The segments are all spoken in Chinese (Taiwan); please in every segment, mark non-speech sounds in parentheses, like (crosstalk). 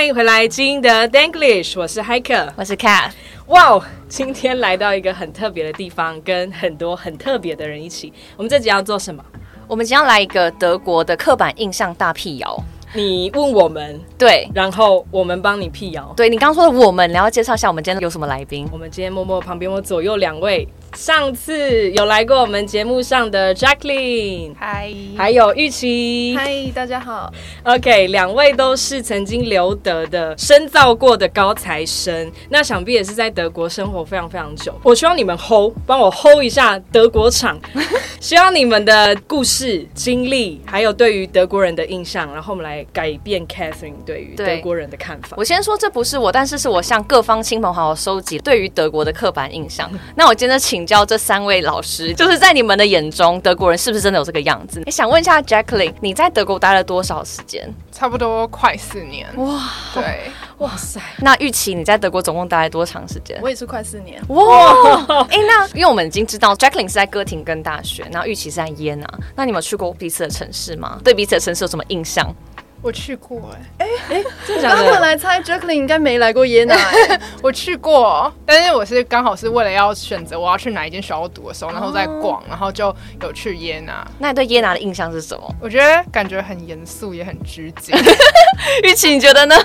歡迎回來，跡英德 Denglisch 我是 Hiker，我是 Cat。哇哦，今天來到一個很特別的地方，跟很多很特別的人一起。我們這集要做什麼？我們今天要來一個德國的刻板印象大闢謠。你問我們，對，然後我們幫你闢謠。對你剛剛說的我們，然後介紹一下我們今天有什麼來賓。我們今天默默旁邊我左右兩位。上次有來過我們節目上的 Jacqueline，嗨，還有郁祺，嗨，大家好。OK，兩位都是曾經留德的、深造過的高材生，那想必也是在德國生活非常非常久。我希望你們 hold 幫我 hold 一下德國場， (laughs) 希望你們的故事、經歷，還有對於德國人的印象，然後我們來改變 Catherine 對於德國人的看法。我先說，這不是我，但是是我向各方親朋好友收集對於德國的刻板印象。 (laughs) 那我今天請。請教這三位老師，就是在你們的眼中，德國人是不是真的有這個樣子？欸、想問一下，Jacqueline，你在德國待了多少時間？差不多快四年。哇，對，哇塞。那郁祺，你在德國總共待了多長時間？我也是快四年。哇，哎、 (laughs) 欸，那因為我們已經知道，Jacqueline 是在哥廷根大學，然後郁祺是在耶拿，那你們去過彼此的城市嗎？對彼此的城市有什麼印象？我去過哎，哎哎，剛剛我來猜，Jacqueline 應該沒來過耶拿，欸。 (laughs) 我去過，但是我是剛好是為了要選擇我要去哪一間學校讀的時候，然後再逛，啊、然後就有去耶拿。那你對耶拿的印象是什麼？我覺得感覺很嚴肅，也很拘謹。 (laughs) 郁祺，你覺得呢？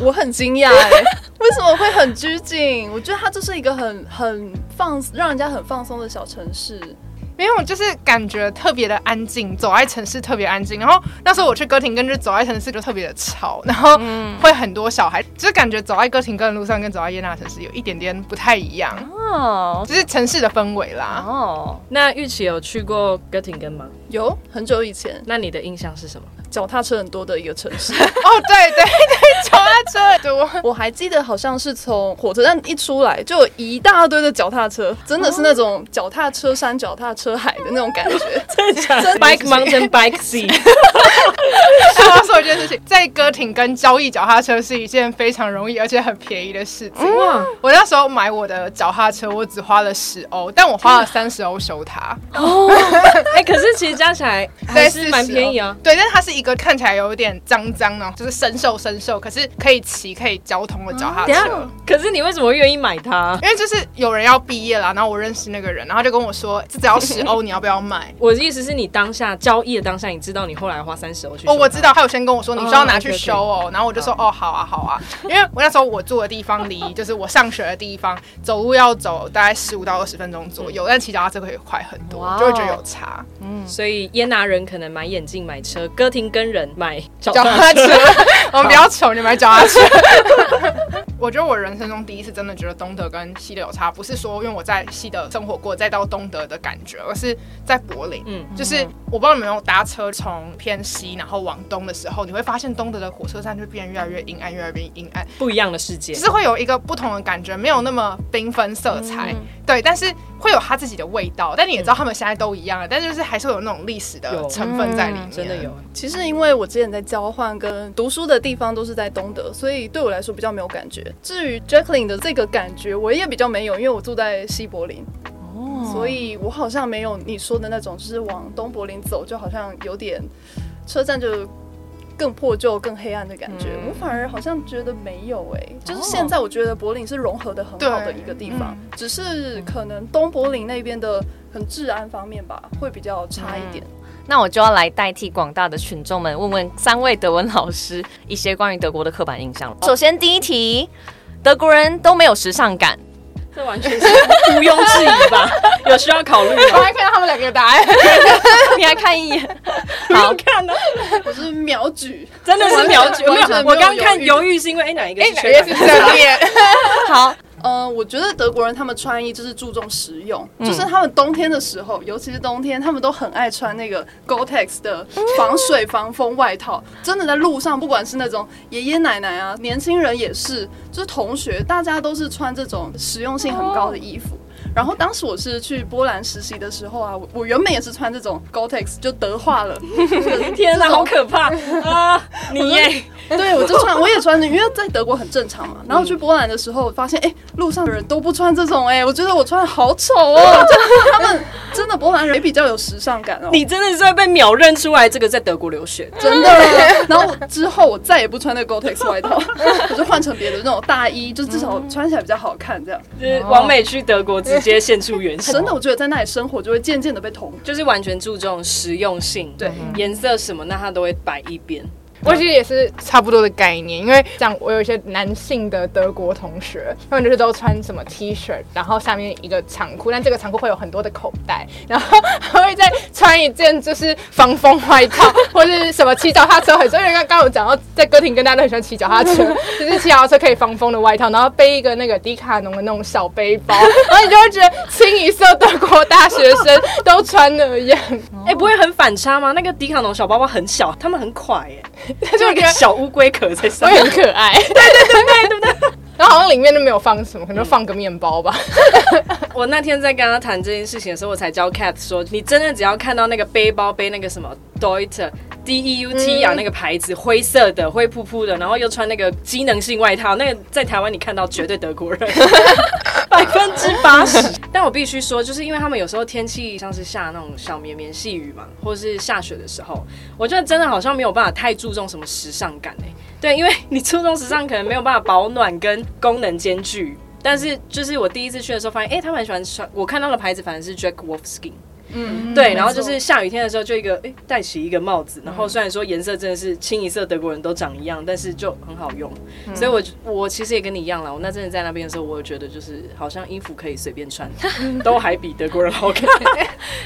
我很驚訝哎， (laughs) 為什麼會很拘謹？我覺得它就是一個很很放，讓人家很放鬆的小城市。沒有，因為我就是感覺特別的安靜，走在城市特別安靜。然後那時候我去哥廷根就走在城市就特別的吵，然後會很多小孩，嗯、就是感覺走在哥廷根的路上跟走在耶拿城市有一點點不太一樣哦，就是城市的氛圍啦。哦，那郁祺有去過哥廷根嗎？有很久以前，那你的印象是什麼？腳踏車很多的一個城市。哦， (laughs) oh, 對對對，腳踏車很多。我還記得好像是從火車站一出來，就有一大堆的腳踏車，oh. 真的是那種腳踏車山、腳踏車海的那種感覺。真的假的, (laughs) 真的？Bike mountain, bike sea。我說一件事情，在哥廷根交易腳踏車是一件非常容易而且很便宜的事情。Mm. 我那時候買我的腳踏車，我只花了十歐，但我花了三十歐修它。哦，哎，可是其實。加起來還是蠻便宜啊。對。對，但是它是一個看起來有點髒髒的，就是生鏽生鏽，可是可以騎可以交通的腳踏車啊。可是你為什麼會願意買它？因為就是有人要畢業了，然後我認識那個人，然後他就跟我說這只要十歐，你要不要買？ (laughs) 我的意思是你當下交易的當下，你知道你後來花三十歐去。哦，我知道，他有先跟我說你需要拿去修哦。喔，oh, okay, okay. 然後我就說好哦好啊好啊，因為我那時候我住的地方離 (laughs) 就是我上學的地方，走路要走大概十五到二十分鐘左右，嗯，但騎腳踏車可以快很多，就會覺得有差。Wow. 嗯，所以。所以耶拿人可能買眼鏡、買車，哥廷根人買腳踏車。我們比較窮，你買腳踏車。踏車 (laughs) (laughs) 我覺得我人生中第一次真的覺得東德跟西德有差，不是說因為我在西德生活過，再到東德的感覺，而是在柏林。嗯，就是我不知道你們有沒有搭車從偏西然後往東的時候，你會發現東德的火車站就會變越來越陰暗，嗯、越來越陰暗，不一樣的世界。其實會有一個不同的感覺，沒有那麼繽紛色彩。嗯、對，但是。會有他自己的味道，但你也知道他們現在都一樣了。嗯、但就是還是會有那種歷史的成分在裡面，嗯、真的有。其實因為我之前在交換跟讀書的地方都是在東德，所以對我來說比較沒有感覺。至於 Jacqueline 的這個感覺，我也比較沒有，因為我住在西柏林，哦、所以我好像沒有你說的那種，就是往東柏林走就好像有點車站就。更破舊、更黑暗的感覺嗯、我反而好像覺得沒有誒、欸，哦、就是現在我覺得柏林是融合的很好的一個地方，嗯、只是可能東柏林那邊的很治安方面吧，會比較差一點。嗯、那我就要來代替廣大的群眾們問問三位德文老師一些關於德國的刻板印象了。哦、首先第一題，德國人都沒有時尚感。這完全是毋庸置疑吧？ (laughs) 有需要考慮嗎？我來看到他們兩個的答案， (laughs) 你來看一眼， (laughs) 好看嗎、啊？我是秒舉， (laughs) 真的是秒舉， (laughs) 我我剛看猶豫是因為哎、欸、哪一個是？誰、欸？一個是在 (laughs) (laughs) (laughs) 好。嗯、呃，我覺得德國人他們穿衣，就是注重實用，嗯、就是他們冬天的時候，尤其是冬天，他們都很愛穿那個 Gore-Tex 的防水防風外套。嗯、真的在路上，不管是那種爺爺奶奶啊，年輕人也是，就是同學，大家都是穿這種實用性很高的衣服。哦然後當時我是去波蘭實習的時候啊，我我原本也是穿這種 Gore-Tex 就德化了。就是、天哪，好可怕 (laughs) (laughs) 啊！你耶我對我就穿，我也穿，因為在德國很正常嘛。然後去波蘭的時候，發現哎，路上的人都不穿這種哎，我覺得我穿的好醜哦。 (laughs) 他們真的波蘭人也比較有時尚感哦。你真的是被秒認出來，這個在德國留學 (laughs) 真的。然後之後我再也不穿那個 Gore-Tex 外套， (laughs) 我就換成別的那種大衣，就至少穿起來比較好看這樣。完美去德國。 (laughs) 直接現出原形。真的，我覺得在那裡生活就會漸漸的被同，就是完全注重實用性，對，顏色什麼，那它都會擺一邊。我其實也是差不多的概念，因為像我有一些男性的德國同學，他們就是都穿什麼 T 恤，shirt, 然後下面一個長褲，但這個長褲會有很多的口袋，然後還會再穿一件就是防風外套， (laughs) 或是什麼騎腳踏車很。所以剛剛我講到在哥廷根大家都很喜歡騎腳踏車，就是騎腳踏車可以防風的外套，然後背一個那個迪卡儂的那種小背包，然後你就會覺得清一色德國大學生都穿的一樣，哎， (laughs) 欸、不會很反差嗎？那個迪卡儂小包包很小，他們很快耶、欸。他就一個小烏龜殼在上面，很可愛。 (laughs) 對對對對對對。然後好像裡面都沒有放什麼，可能放個麵包吧。 (laughs) (laughs) 我那天在跟他談這件事情的時候，我才教 Cat 說，你真的只要看到那個背包背那個什麼 Deuter D E U T Y、嗯、那個牌子，灰色的灰撲撲的，然後又穿那個機能性外套，那個在台灣你看到絕對德國人。 (laughs) 百分之八十，但我必須說，就是因為他們有時候天氣像是下那種小綿綿細雨嘛，或者是下雪的時候，我覺得真的好像沒有辦法太注重什麼時尚感哎、欸，對，因為你注重時尚可能沒有辦法保暖跟功能兼具，但是就是我第一次去的時候發現，哎，他們很喜歡穿，我看到的牌子反正是 Jack Wolfskin。嗯，對，嗯、然後就是下雨天的時候，就一個誒戴、欸、起一個帽子，然後雖然說顏色真的是清一色，德國人都長一樣，但是就很好用。所以我，我我其實也跟你一樣了。我那真的在那邊的時候，我覺得就是好像衣服可以隨便穿， (laughs) 都還比德國人好看。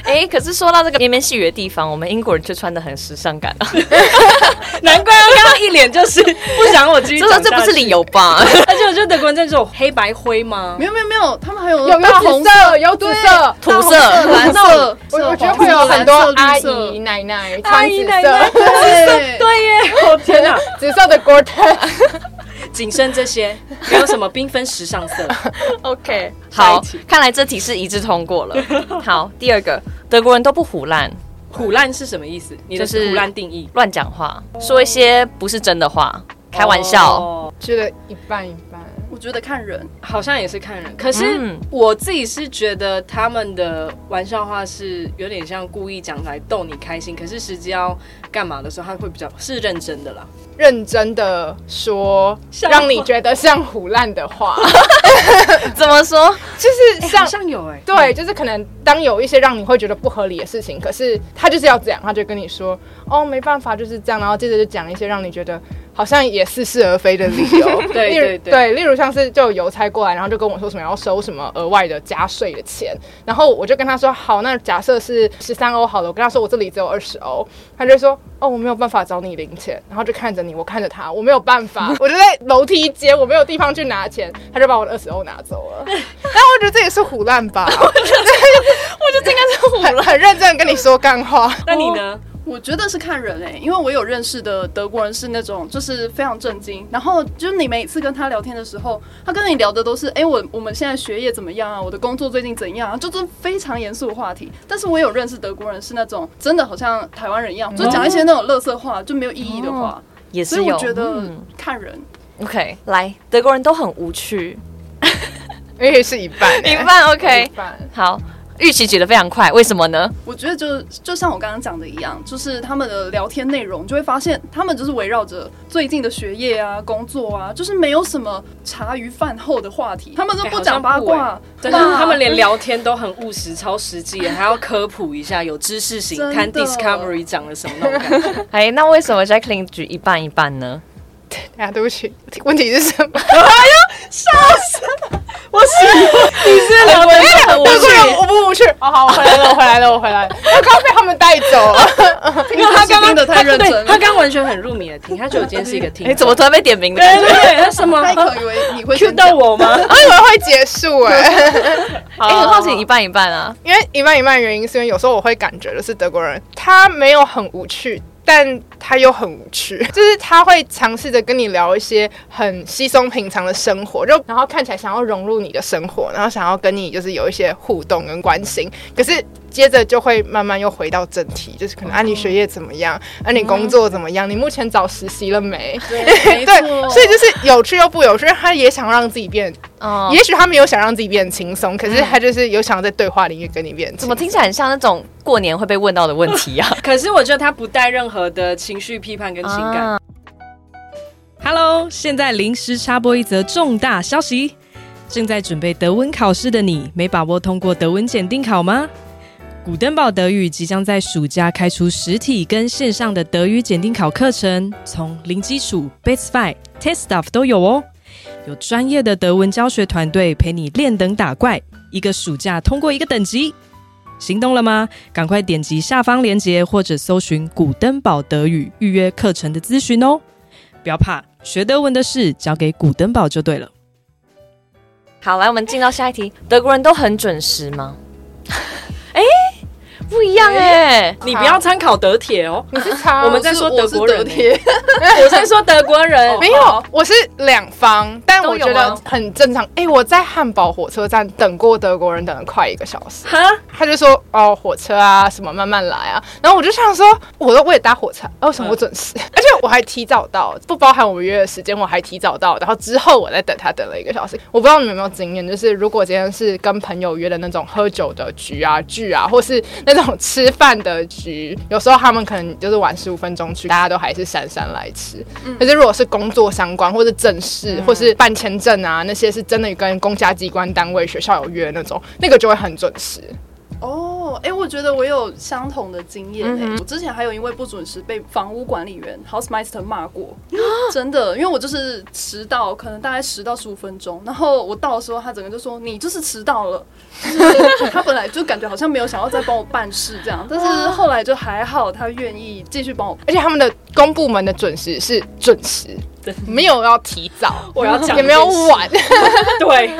哎、 (laughs) 欸，可是說到這個綿綿細雨的地方，我們英國人卻穿的很時尚感啊。 (laughs) (laughs) 難怪剛剛一臉就是不想我繼續，就說這不是理由吧？ (laughs) 而且，我覺得德國人真的這有黑白灰嗎？沒有，沒有，沒有，他們還有大紅色，紅色有紫色，土色，土色藍色。我覺得會有很多阿姨奶奶姨、奶奶。對耶！我天哪，紫色的 Gordon，僅剩這些，沒有什麼繽紛時尚色。OK，好，看來這題是一致通過了。好，第二個，德國人都不唬爛，唬爛是什麼意思？你是胡亂定義？亂講話，說一些不是真的話，開玩笑。覺得一半一半。我覺得看人，好像也是看人，可是我自己是覺得他們的玩笑話是有點像故意講來逗你開心。可是實際要幹嘛的時候，他會比較是認真的啦，認真的說讓你覺得像唬爛的話。怎麼說？就是像、欸、像有哎、欸，對，就是可能當有一些讓你會覺得不合理的事情，嗯、可是他就是要這樣，他就跟你說哦，沒辦法就是這樣。然後接着就講一些讓你覺得。好像也似是而非的理由， (laughs) 對對對,對,例如對，例如像是就有郵差過來，然後就跟我說什麼要收什麼額外的加稅的錢，然後我就跟他說好，那個、假設是十三歐好了，我跟他說我這裡只有二十歐，他就說哦我沒有辦法找你零錢，然後就看着你，我看着他，我沒有辦法，我就在樓梯間，我沒有地方去拿錢，他就把我的二十歐拿走了。 (laughs) 然後我覺得這也是唬爛吧，我覺得我覺得應該是唬爛很很認真跟你說幹話，那 (laughs) 你呢？我覺得是看人誒、欸，因為我有認識的德國人是那種就是非常震驚，然後就是，你每次跟他聊天的時候，他跟你聊的都是哎、欸、我我們現在學業怎麼樣啊，我的工作最近怎樣啊，就是非常嚴肅的話題。但是我有認識德國人是那種真的好像台灣人一樣，嗯、就講一些那種樂色話，就沒有意義的話，哦、也是有，所以我覺得看人、嗯。OK，來，德國人都很無趣，因為是一半，一半 OK，好。郁祺舉得非常快，為什麼呢？我覺得就就像我剛剛講的一樣，就是他們的聊天內容，就會發現他們就是圍繞着最近的學業啊、工作啊，就是沒有什麼茶餘飯後的話題，他們都不講八卦，他們連聊天都很務實、超實際，還要科普一下，有知識型，的看 Discovery 講了什麼那種感覺。 (laughs) 哎，那為什麼 Jacqueline 舉一半一半呢？大家對不起，問題是什麼？哎呀，笑死了！我是你是德國人，我德國人，我不不無趣。好好，我回來了，我回來了，我回來了。我剛剛被他們帶走了，因為他剛剛太認真，他剛剛完全很入迷的聽，他覺得今天是一個聽。哎，怎麼突然被點名了？因為什麼？他一口以為你會 Q 到我嗎？我以為會結束哎。哎，好奇一半一半啊，因為一半一半的原因，是因為有時候我會感覺的是德國人，他沒有很無趣。但他又很無趣，就是他會嘗試着跟你聊一些很稀鬆平常的生活，就然後看起來想要融入你的生活，然後想要跟你就是有一些互動跟關心，可是。接着就會慢慢又回到正題，就是可能，Oh. 啊，你學業怎麼樣？Oh. 啊，你工作怎麼樣？Oh. 你目前找實習了沒？Oh. (laughs) 對，所以就是有趣又不有趣。他也想讓自己變……哦，oh. 也許他們有想讓自己變輕鬆，可是他就是有想在對話裡面跟你變。Oh. 你變怎麼聽起來很像那種過年會被問到的問題啊？ (laughs) 可是我覺得他不帶任何的情緒批判跟情感。Oh. Hello，現在臨時插播一則重大消息：正在準備德文考試的你，沒把握通過德文檢定考嗎？古登堡德語即將在暑假開出實體跟線上的德語檢定考課程，從零基礎、B2 TestDaF 都有哦。有專業的德文教學團隊陪你練等打怪，一個暑假通過一個等級。行動了嗎？趕快點擊下方鏈接或者搜尋“谷燈堡德語”預約課程的諮詢哦。不要怕，學德文的事交給谷燈堡就對了。好，來我們進到下一題：德國人都很準時嗎？ (laughs) 欸不一樣哎、欸欸，你不要參考德鐵哦、喔。好你是差，我們在說、欸、 (laughs) 說德國人。我在說德國人，沒有，我是兩方，但我覺得很正常。哎、欸，我在漢堡火車站等過德國人，等了快一個小時，他就說：“哦、呃，火車啊，什麼慢慢來啊。”然後我就想說：“我都我也搭火車、啊，為什麼我準時？” (laughs) 我還提早到，不包含我們約的時間，我還提早到。然後之後我在等他，等了一個小時。我不知道你們有沒有經驗，就是如果今天是跟朋友約的那種喝酒的局啊、聚啊，或是那種吃飯的局，有時候他們可能就是晚十五分鐘去，大家都還是姍姍來遲。可是如果是工作相關，或是正事，或是辦簽證啊那些，是真的跟公家機關單位、學校有約的那種，那個就會很準時。哦。Oh. 哎，欸、我覺得我有相同的經驗哎，我之前還有因為不準時被房屋管理員 Hausmeister 罵過，真的，因為我就是遲到，可能大概十到十五分鐘，然後我到的時候，他整個就說你就是遲到了，他本來就感覺好像沒有想要再幫我辦事這樣，但是後來就還好他，他願意繼續幫我，而且他們的公部門的準時是準時，沒有要提早我要， (laughs) 我要講也沒有晚，對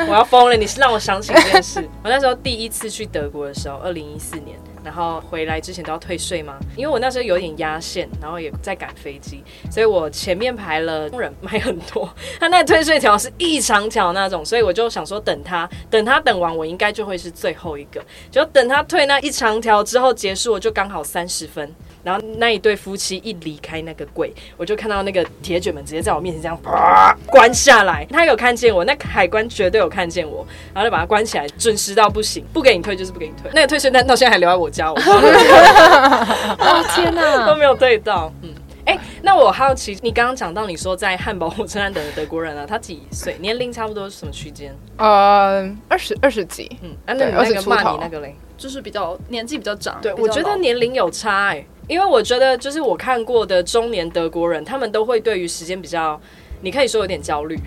我要瘋了，你是讓我想起一件事， (laughs) 我那時候第一次去德國的時候，二零一。一四年，然後回來之前都要退稅嗎？因為我那時候有點壓線，然後也在趕飛機，所以我前面排了工人買很多，他那退稅條是一長條那種，所以我就想說等他，等他等完我應該就會是最後一個，就等他退那一長條之後結束，我就剛好三十分。然後那一對夫妻一離開那個櫃，我就看到那個鐵捲門直接在我面前這樣啪關下來。他有看見我，那個、海關絕對有看見我，然後就把他關起來，準時到不行，不給你退就是不給你退。那個退稅單到現在還留在我家，我 (laughs) 哦、天哪，都沒有退到，嗯。哎，那我好奇，你剛剛講到你說在漢堡火車站等的德國人啊，他幾歲？年齡差不多是什麼區間？呃，uh, 二十二十幾，嗯，對，啊、那，你那個罵你那個嘞，就是比較年紀比較長。對，我覺得年齡有差，欸，哎，因為我覺得就是我看過的中年德國人，他們都會對於時間比較，你可以說有點焦慮，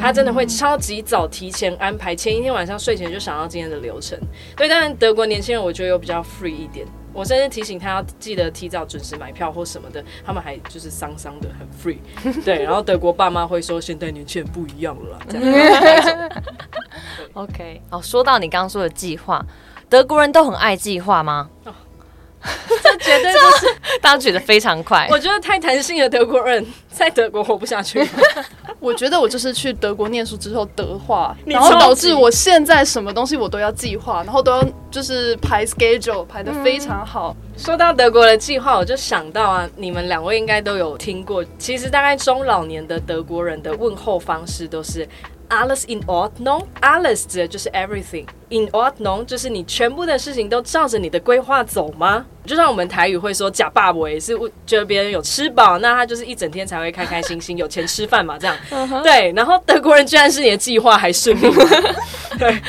他真的會超級早提前安排，前一天晚上睡前就想到今天的流程。對，但德國年輕人我覺得又比較 free 一點。我甚至提醒他要記得提早準時買票或什麼的，他們還就是桑桑的很 free，對。然後德國爸媽會說，現代年輕人不一樣了。樣 OK，好，說到你剛剛說的計劃，德國人都很愛計劃嗎？哦、 (laughs) 這絕對就是大家舉得非常快。 (laughs) 我覺得太彈性的德國人，在德國活不下去。 (laughs) (laughs) 我覺得我就是去德國念書之後德化，然後導致我現在什麼東西我都要計劃，然後都要就是排 schedule 排得非常好。嗯、說到德國的計劃，我就想到啊，你們兩位應該都有聽過。其實大概中老年的德國人的問候方式都是 (music) ，Alles in Ordnung？Alles 指的就是 everything，in Ordnung 就是你全部的事情都照着你的規劃走嗎？就像我們台語會說“假霸維”，是覺得別人有吃飽，那他就是一整天才會開開心心，有錢吃飯嘛，這樣。Uh huh. 對，然後德國人居然是你的計劃還是你？ (laughs) 對，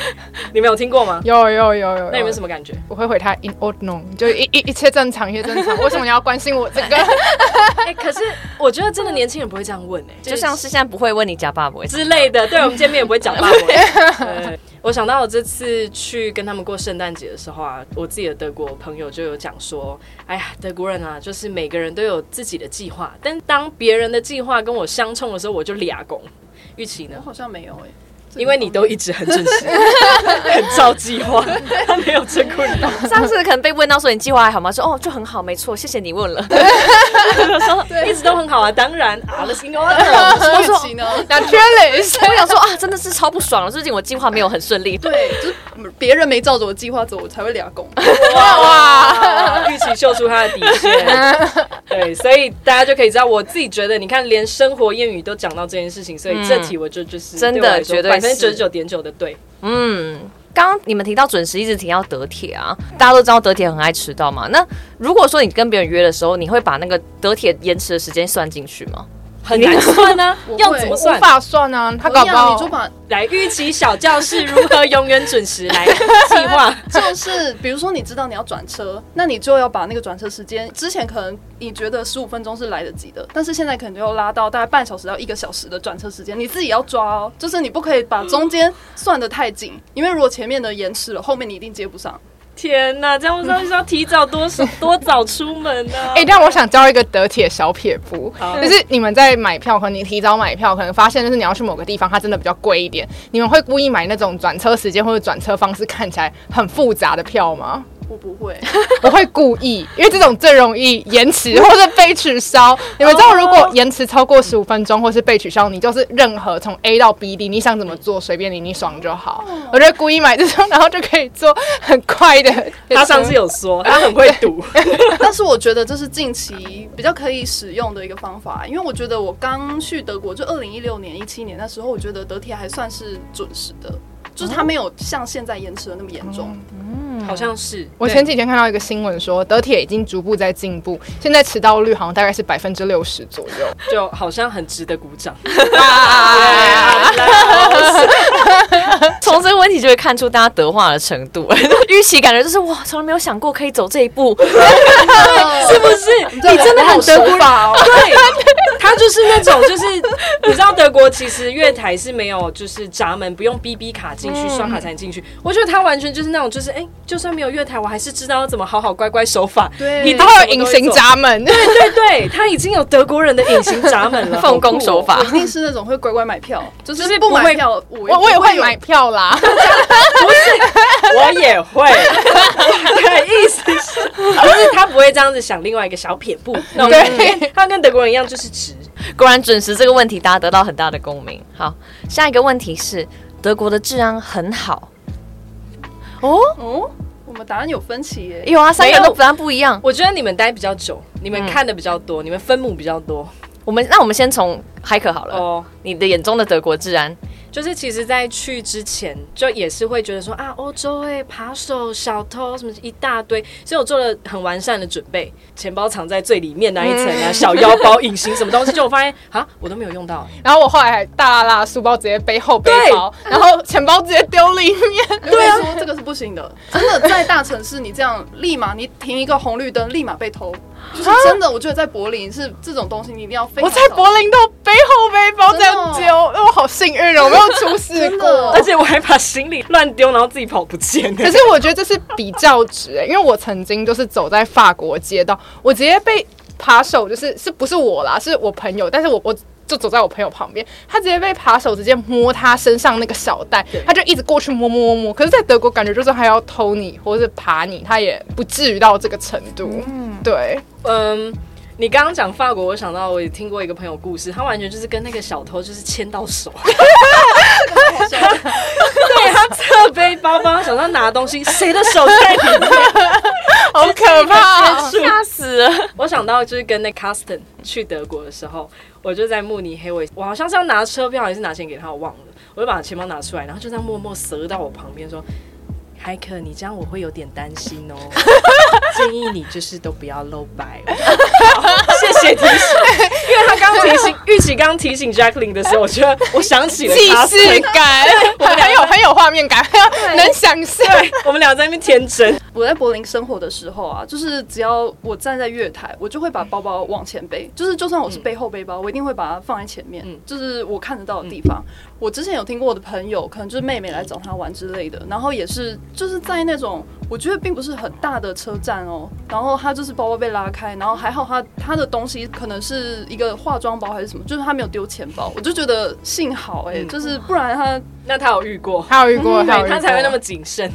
你們有聽過嗎？有有有有。有有有，那你有什麼感覺？我會回他 “In Ordnung 就一一,一切正常，一切正常。 (laughs) 為什麼你要關心我這個、 (laughs) 欸?可是我覺得真的年輕人不會這樣問呢、欸，就是，就像是現在不會問你假會“假霸維”之類的。對我們見面也不會講霸維。 (laughs) 對對對對我想到我這次去跟他們過聖誕節的時候啊，我自己的德國的朋友就有講說，哎呀，德國人啊，就是每個人都有自己的計劃，但當別人的計劃跟我相衝的時候，我就抓狂，郁祺呢？我好像沒有誒、欸。因為你都一直很準時，很照計劃，他沒有真困難。上次可能被問到說，你計劃還好嗎？說，哦，就很好，沒錯，謝謝你問了。說一直都很好啊，當然啊，了不起呢，了不起呢。兩千里，我想說啊，真的是超不爽了。最近我計劃沒有很順利，對，就是別人沒照着我計劃走，我才會兩公。哇，哇郁祺秀出他的底線。對，所以大家就可以知道，我自己覺得，你看，連生活諺語都講到這件事情，所以這題我就就是真的覺得百分之九十九點九的對。嗯，剛剛你們提到準時，一直提到德鐵啊，大家都知道德鐵很愛遲到嘛。那如果說你跟別人約的時候，你會把那個德鐵延遲的時間算進去嗎？很難算呢、啊， (laughs) 會要怎麼算，我算啊？他你樣不好。來預期小教室如何永遠準時來計劃， (laughs) 畫就是比如說你知道你要轉車，那你就要把那個轉車時間之前可能你覺得十五分鐘是來得及的，但是現在可能就要拉到大概半小時到一個小時的轉車時間，你自己要抓哦，就是你不可以把中間算得太緊，因為如果前面的延遲了，後面你一定接不上。天吶，這樣我到底是要提早多少 (laughs) 多早出門呢、啊？哎、欸，但我想教一個德鐵小撇步，就好是你們在買票和你提早買票，可能發現就是你要去某個地方，它真的比較貴一點，你們會故意買那種轉車時間或者轉車方式看起來很複雜的票嗎？我不會， (laughs) 我會故意，因為這種最容易延遲或者被取消。 (laughs) 你們知道，如果延遲超過十五分鐘，或是被取消，你就是任何從 A 到 B 的，你想怎麼做，隨便你，你爽就好。哦，我就會故意買這種，然後就可以做很快的。上他上次有說，他很會讀。 (laughs) (laughs) 但是我覺得這是近期比較可以使用的一個方法，因為我覺得我剛去德國就二零一六年一七年那時候，我覺得德鐵還算是準時的，就是它沒有像現在延遲的那麼嚴重。嗯嗯嗯、好像是我前幾天看到一個新聞，說德鐵已經逐步在進步，現在遲到率好像大概是百分之六十左右，就好像很值得鼓掌。從 (laughs) (laughs) (laughs) 這個問題就會看出大家德化的程度。預 (laughs) 期感覺就是哇，從來沒有想過可以走這一步， (laughs) (laughs) 是不是？對你真的很德國。 (laughs) 對，他就是那種，就是 (laughs) 你知道德國其實月台是沒有，就是閘門不用 B B 卡進去，嗯、刷卡才能進去。我覺得他完全就是那種，就是哎。欸就算沒有月台，我還是知道要怎麼好好乖乖守法。對你都有隱形閘門。對對對，他已經有德國人的隱形閘門了。奉公 (laughs) 對守法，一定是那種會乖乖買票，就是不買票。會我也我也會買票啦。不是，我也會。 (laughs) 對，意思是，而是他不會這樣子想。另外一個小撇步， (laughs) no, 對，他跟德國人一樣，就是直。果然準時這個問題，大家得到很大的共鳴。好，下一個問題是德國的治安很好。哦哦、oh? 嗯，我們答案有分歧耶！有、哎、啊，三個都答案不一樣。我覺得你們待比較久，你們看的比較多，嗯、你們分母比較多。我們那我們先從 Heike 好了。哦，oh. 你的眼中的德國治安。就是其實，在去之前就也是會覺得說啊、欸，歐洲哎，扒手、小偷什麼一大堆，所以我做了很完善的準備，錢包藏在最裡面那一層啊，小腰包、隱形什麼東西，嗯、就我發現啊， (laughs) 我都沒有用到、啊。然後我後來還大啦啦書包直接背後背包，對然後錢包直接丟裡面。 (laughs) 對啊，以說這個是不行的，真的在大城市你這樣，立馬你停一個紅綠燈，立馬被偷。就是真的，我覺得在柏林是這種東西你一定要非。我在柏林都。背後背包這樣丟，那我好幸運哦，我沒有出事過，哦、而且我還把行李亂丟，然後自己跑不見。可是我覺得這是比較值哎， (laughs) 因為我曾經就是走在法國街道，我直接被扒手，就是是不是我啦，是我朋友，但是我我就走在我朋友旁邊，他直接被扒手直接摸他身上那個小袋，對他就一直過去摸摸摸、摸。可是在德國感覺就是他要偷你或者是扒你，他也不至於到這個程度。嗯，對，嗯。你剛剛講法國，我想到我也聽過一個朋友故事，他完全就是跟那個小偷就是牽到手， (laughs) (laughs) (laughs) 對他側背包包，想手上拿東西，誰 (laughs) 的手在前面， (laughs) 好可怕、喔，嚇 (laughs) 死了！ (laughs) 我想到就是跟那 custom 去德國的時候，我就在慕尼黑，我我好像是要拿車票還是拿錢給他，我忘了，我就把錢包拿出來，然後就這樣默默折到我旁邊說。海克，你這樣我會有點擔心哦。建議你就是都不要露白。謝謝提醒，因為他剛提醒郁祺剛提醒 Jacqueline 的時候，我覺得我想起了既視感，很很有畫面感，能想象。我們倆在那邊天真。我在柏林生活的時候啊，就是只要我站在月台，我就會把包包往前背，就是就算我是背後背包，我一定會把它放在前面，就是我看得到的地方。我之前有聽過我的朋友，可能就是妹妹來找他玩之類的，然後也是。就是在那種我覺得並不是很大的車站哦、喔，然後他就是包包被拉開，然後還好他他的東西可能是一個化妝包還是什麼，就是他沒有丟錢包，我就覺得幸好哎、欸，嗯、就是不然他那他有遇過，嗯、他有遇過，對，他才會那麼謹慎。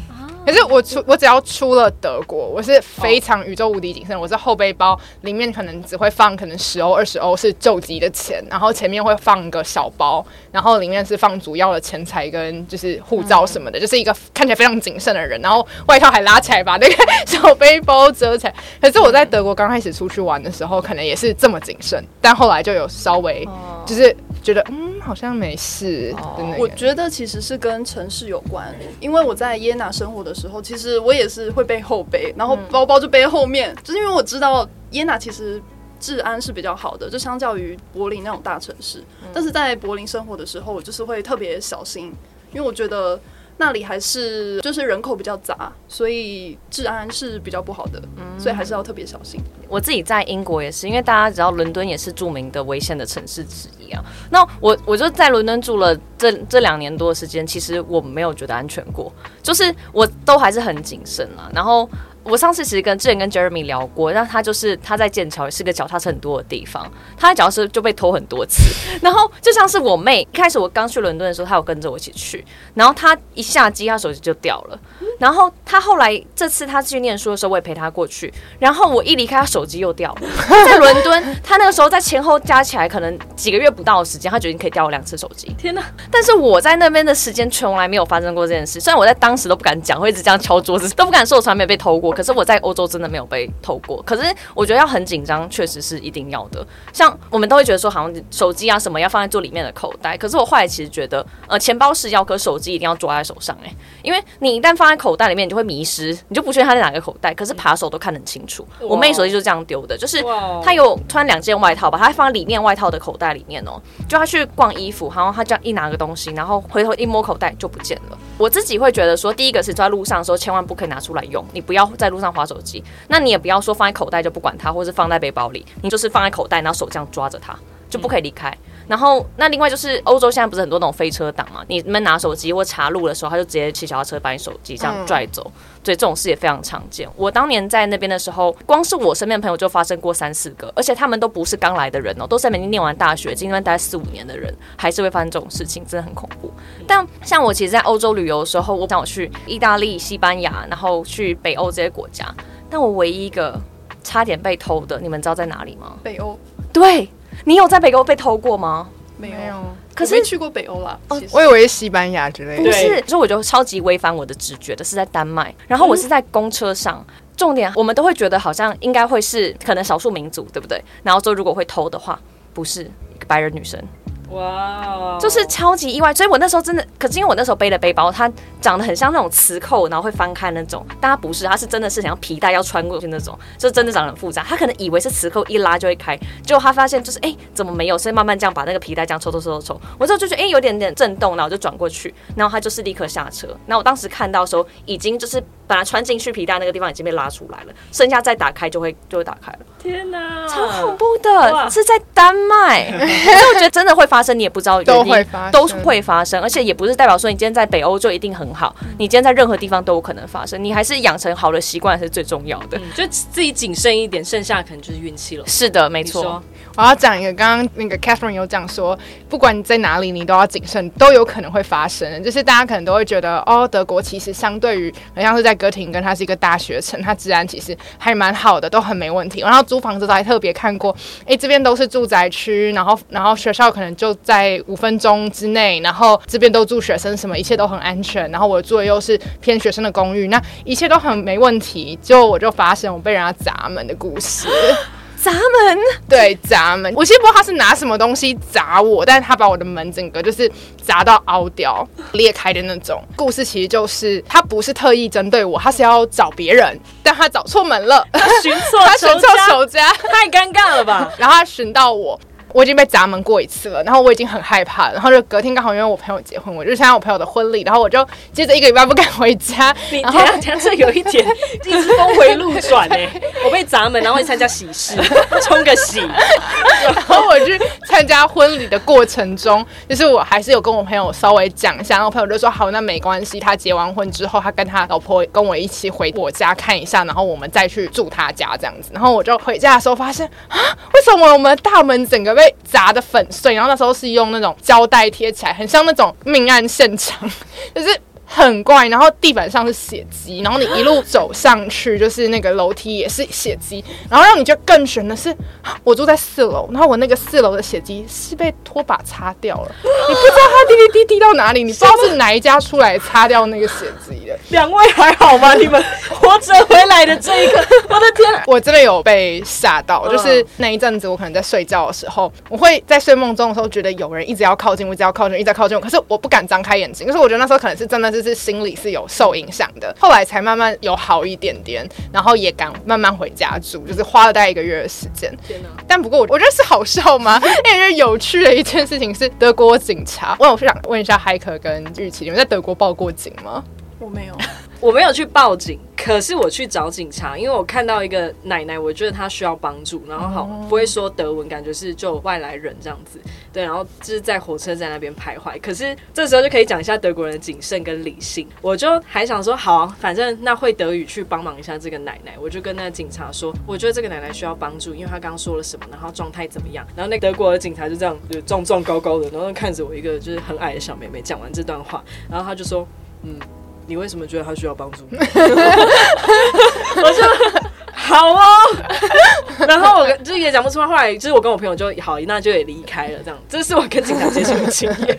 可是我出我只要出了德國，我是非常宇宙無敵謹慎。我是後背包裡面可能只會放可能十歐二十歐是救急的錢，然後前面會放個小包，然後裡面是放主要的錢財跟就是護照什麼的，嗯、就是一個看起來非常謹慎的人。然後外套還拉起來，把那個小背包遮起來。可是我在德國剛開始出去玩的時候，可能也是這麼謹慎，但後來就有稍微就是。覺得嗯，好像沒事。Oh. 我覺得其實是跟城市有關，因為我在耶拿生活的時候，其實我也是會背後背，然後包包就背後面，嗯、就是因為我知道耶拿其實治安是比較好的，就相較於柏林那種大城市。嗯、但是在柏林生活的時候，我就是會特別小心，因為我覺得。那裡還是就是人口比較雜，所以治安是比較不好的。嗯，所以還是要特別小心。我自己在英國也是，因為大家知道倫敦也是著名的危險的城市之一啊。那我我就在倫敦住了這這兩年多的時間，其實我沒有覺得安全過，就是我都還是很謹慎啊。然後。我上次其實跟之前跟 Jeremy 聊過，那他就是他在劍橋是個腳踏車很多的地方，他的腳踏車就被偷很多次。然後就像是我妹，一開始我剛去倫敦的時候，她有跟着我一起去，然後她一下機，她手機就掉了。然後她後來這次她去念書的時候，我也陪她過去，然後我一離開，她手機又掉了。 (laughs) 在倫敦，她那個時候在前後加起來可能幾個月不到的時間，她決定可以掉我兩次手機。天哪，啊！但是我在那邊的時間從來沒有發生過這件事。雖然我在當時都不敢講，會一直這樣敲桌子，都不敢說我從來沒有被偷過。可是我在歐洲真的沒有被偷過。可是我覺得要很緊張，確實是一定要的。像我們都會覺得說，好像手機啊什麼要放在最裡面的口袋。可是我後來其實覺得，呃，錢包是要，可手機一定要抓在手上哎、欸，因為你一旦放在口袋裡面，你就會迷失，你就不確定它在哪個口袋。可是扒手都看得很清楚。Wow. 我妹手機就是這樣丟的，就是她有穿兩件外套吧，把她放在裡面外套的口袋裡面哦、喔，就她去逛衣服，然後她這樣一拿個東西，然後回頭一摸口袋就不見了。我自己會覺得說，第一個是在路上的時候千萬不可以拿出來用，你不要。在路上滑手機，那你也不要說放在口袋就不管它，或是放在背包裡，你就是放在口袋，然後手這樣抓着它，就不可以離開。嗯然後，那另外就是歐洲現在不是很多那種飛車黨嘛？你們拿手機或查路的時候，他就直接騎小車把你手機這樣拽走，嗯、所以這種事也非常常見。我當年在那邊的時候，光是我身邊的朋友就發生過三四個，而且他們都不是剛來的人哦，都是在那邊念完大學，已經在那邊待四五年的人，還是會發生這種事情，真的很恐怖。但像我其實，在歐洲旅遊的時候，像我，我去意大利、西班牙，然後去北歐這些國家，但我唯一一個差點被偷的，你們知道在哪裡嗎？北歐，對。你有在北歐被偷過嗎？沒有，可是我沒去過北歐啦、哦。我以為是西班牙之類的對，不是，所以我就超級違反我的直覺的是在丹麥。然後我是在公車上，嗯、重點我們都會覺得好像應該會是可能少數民族，對不對？然後說如果會偷的話，不是一個白人女生。哇哦，就是超級意外，所以我那時候真的，可是因為我那時候背了背包，它長得很像那種磁扣，然後會翻開那種，但它不是，它是真的是像皮帶要穿過去那種，就真的長得很複雜。他可能以為是磁扣一拉就會開，結果他發現就是哎怎麼沒有，所以慢慢這樣把那個皮帶這樣抽抽抽抽抽，我之後就覺得哎有點點震動，然後就轉過去，然後他就是立刻下車。然後我當時看到的時候已經就是。把它穿進去皮帶那個地方已經被拉出來了，剩下，再打開就會就會打開了。天哪，超恐怖的！哇是在丹麥。 (laughs) (laughs) 所以我覺得真的會發生，你也不知道，都會發，都會發生，而且也不是代表說你今天在北歐就一定很好，嗯、你今天在任何地方都有可能發生。你還是養成好的習慣是最重要的，嗯、就自己謹慎一點，剩下可能就是運氣了。是的，沒錯。我要講一個，剛剛那個 Catherine 有講說，不管你在哪裡，你都要謹慎，都有可能會發生。就是大家可能都會覺得，哦，德國其實相對於，好像是在哥廷根，它是一個大學城，它治安其實還蠻好的，都很沒問題。然後租房子都還特別看過，哎、欸，這邊都是住宅區，然後然後學校可能就在五分鐘之內，然後這邊都住學生，什麼一切都很安全。然後我住的座位又是偏學生的公寓，那一切都很沒問題。就我就發生我被人家砸門的故事。 (laughs) 砸門，對砸門。我其實不知道他是拿什麼東西砸我，但是他把我的門整個就是砸到凹掉，裂開的那種。故事其實就是他不是特意針對我，他是要找別人，但他找錯門了，他尋錯，他尋錯仇家，家太尷尬了吧。 (laughs) 然後他尋到我。我已經被砸門過一次了，然後我已經很害怕，然後就隔天剛好因為我朋友結婚，我就參加我朋友的婚禮，然後我就接着一個禮拜不敢回家。你前兩天是有一點，就是峰回路轉呢、欸。我被砸門，然後去參加喜事，沖 (laughs) 個喜，然後， (laughs) 然後我去參加婚禮的過程中，就是我還是有跟我朋友稍微講一下，然後朋友就說好，那沒關係，他結完婚之後，他跟他老婆跟我一起回我家看一下，然後我們再去住他家這樣子。然後我就回家的時候發現啊，為什麼我們大門整個被。被砸得粉碎，然後那時候是用那種膠帶貼起來，很像那種命案現場，就是。很怪，然後地板上是血跡，然後你一路走上去，就是那個樓梯也是血跡，然後讓你覺得更懸的是，我住在四樓，然後我那個四樓的血跡是被拖把擦掉了，哦、你不知道他滴滴滴滴到哪裡，你不知道是哪一家出來擦掉那個血跡的。什麼，兩位還好嗎？你們活着回來的這一刻，我的天、啊，我真的有被嚇到，就是那一陣子，我可能在睡覺的時候，嗯、我會在睡夢中的時候覺得有人一直要靠近，我，一直要靠近，一直要靠近我，可是我不敢張開眼睛，可、就是我覺得那時候可能是真的是。是心裡是有受影響的，後來才慢慢有好一點點，然後也敢慢慢回家住，就是花了大概一個月的時間。哪但不過我覺得是好笑嗎？我覺、 (laughs) 欸、有趣的一件事情是德國警察。我是想問一下，Heike 跟郁祺，你們在德國報過警嗎？我沒有， (laughs) 我沒有去報警，可是我去找警察，因為我看到一個奶奶，我覺得她需要幫助，然後好不會說德文，感覺是就外來人這樣子，對，然後就是在火車站那邊徘徊。可是這時候就可以講一下德國人的謹慎跟理性，我就還想說，好啊，反正那會德語去幫忙一下這個奶奶，我就跟那個警察說，我覺得這個奶奶需要幫助，因為她剛剛說了什麼，然後狀態怎麼樣。然後那個德國的警察就這樣，就壯壯高高的，然後看着我一個就是很矮的小妹妹講完這段話，然後他就說，嗯。你為什麼覺得他需要幫助？我說。好哦， (laughs) 然後我就也講不出話來，就是我跟我朋友就好，那就也離開了。這樣，這是我跟警察接觸的經驗。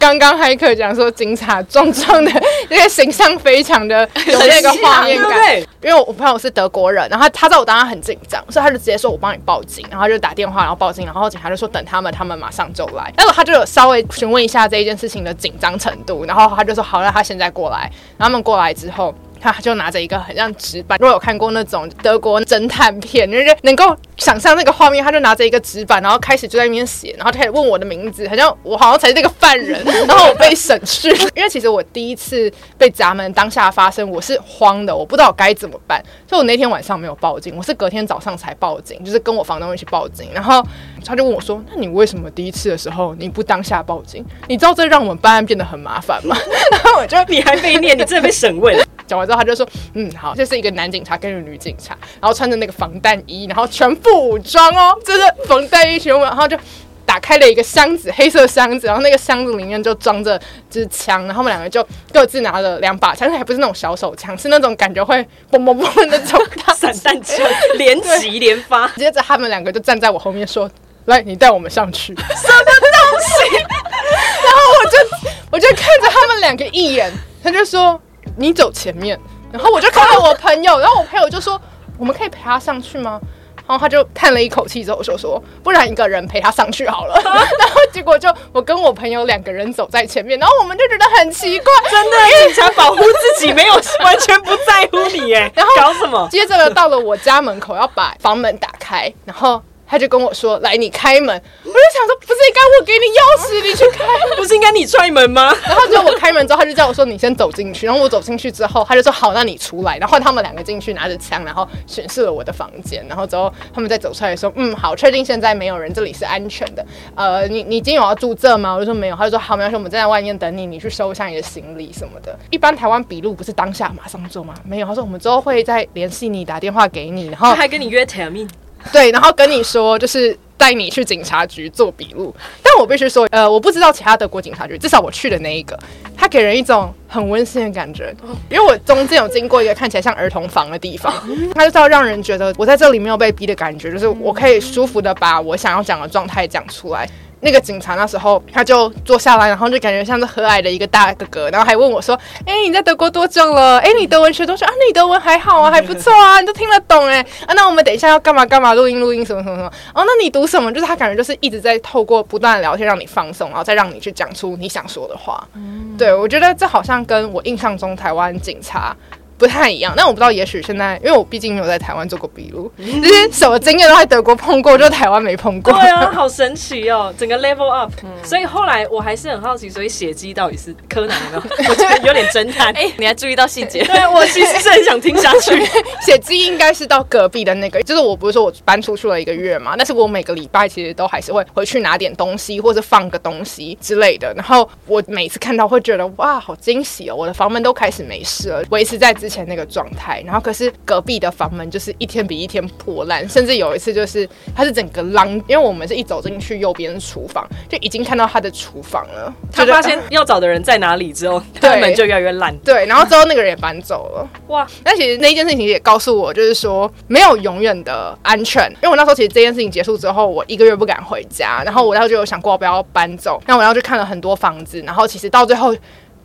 剛剛還可以講說警察壯壯的，因為形象非常的有那個畫面感。對，因為我朋友是德國人，然後他，他在我當下很緊張，所以他就直接說我幫你報警，然後他就打電話然後報警，然後警察就說等他們，他們馬上就來。然後他就稍微詢問一下這一件事情的緊張程度，然後他就說好，讓他現在過來。然後他們過來之後。他就拿着一個很像紙板，如果有看過那種德國偵探片，你就是、能夠想象那個畫面。他就拿着一個紙板，然後開始就在那邊寫，然後就開始問我的名字，好像我好像才是那個犯人，然後我被審訊。 (laughs) 因為其實我第一次被砸門，當下發生我是慌的，我不知道該怎麼辦，所以我那天晚上沒有報警，我是隔天早上才報警，就是跟我房東一起報警。然後他就問我說：“那你為什麼第一次的時候你不當下報警？你知道這讓我們辦案變得很麻煩嗎？” (laughs) 然後我就：“你還沒念，你真的被審問講完之後，他就說：“嗯，好，這是一個男警察跟一個女警察，然後穿着那個防彈衣，然後全副武裝哦，這、就是防彈衣全部。然後就打開了一個箱子，黑色箱子，然後那個箱子裡面就裝着支槍，然後我們兩個就各自拿了兩把槍，還不是那種小手槍，是那種感覺會砰砰砰的那種大散彈槍， (laughs) 連擊連發。接着他們兩個就站在我後面說：‘來，你帶我們上去。’什麼東西？然後我就我就看着他們兩個一眼，他就說。”你走前面，然後我就看到我朋友，啊、然後我朋友就說：“我們可以陪他上去嗎？”然後他就嘆了一口氣，之後就說：“說不然一個人陪他上去好了。啊”然後結果就我跟我朋友兩個人走在前面，然後我們就覺得很奇怪，真的，因為想保護自己，沒有 (laughs) 完全不在乎你哎。然後搞什麼？接着到了我家門口，要把房門打開，然後。他就跟我說：“來，你開門。”我就想說：“不是應該我給你鑰匙，你去開門？ (laughs) 不是應該你踹門嗎？”然後他之後我開門之後，他就叫我說：“你先走進去。”然後我走進去之後，他就說：“好，那你出來。”然後他們兩個進去拿着槍，然後巡視了我的房間。然後之後他們再走出來說：“嗯，好，確定現在沒有人，這裡是安全的。呃，你你今天有要住這嗎？”我就說：“沒有。”他就說：“好，沒關係，我們正在外面等你，你去收一下你的行李什麼的。一般台灣筆錄不是當下馬上做嗎？”沒有，他說：“我們之後會再聯繫你，打電話給你。”然後他還跟你約 Termin。對，然後跟你說，就是帶你去警察局做筆錄。但我必須說，呃，我不知道其他德國警察局，至少我去的那一個，它給人一種很溫馨的感覺。因為我中間有經過一個看起來像兒童房的地方，它就是要讓人覺得我在這裡沒有被逼的感覺，就是我可以舒服地把我想要講的狀態講出來。那個警察那時候他就坐下來，然後就感覺像是和藹的一個大哥哥，然後還問我說：“欸，你在德國多久了？欸，你德文學多久啊？你德文還好啊，還不錯啊，你都聽得懂欸？啊，那我們等一下要幹嘛幹嘛？錄音錄音什麼什麼什麼？哦，那你讀什麼？就是他感覺就是一直在透過不斷的聊天讓你放鬆，然後再讓你去講出你想說的話。嗯，對，我覺得這好像跟我印象中台灣警察。”不太一樣，但我不知道，也許現在，因為我畢竟沒有在台灣做過筆錄，這些什麼經驗都在德國碰過，就台灣沒碰過。嗯、對啊，好神奇哦，整個 level up。嗯、所以後來我還是很好奇，所以血跡到底是柯南呢？我覺得有點偵探。哎、 (laughs) 欸，你還注意到細節。對，我其實是很想聽下去。血跡 (laughs) 應該是到隔壁的那個，就是我不是說我搬出去了一個月嘛，但是我每個禮拜其實都還是會回去拿點東西或者放個東西之類的。然後我每次看到會覺得哇，好驚喜哦，我的房門都開始沒事了。維持在之前那個狀態，然後可是隔壁的房門就是一天比一天破爛，甚至有一次就是他是整個廊，因為我們是一走進去右邊的廚房就已經看到他的廚房了。他發現要找的人在哪裡之後，他的對門就越來越爛。對，然後之後那個人也搬走了。哇，那其實那一件事情也告訴我，就是說沒有永遠的安全。因為我那時候其實這件事情結束之後，我一個月不敢回家，然後我那時候就有想過不要搬走，然後我那我要去就看了很多房子，然後其實到最後。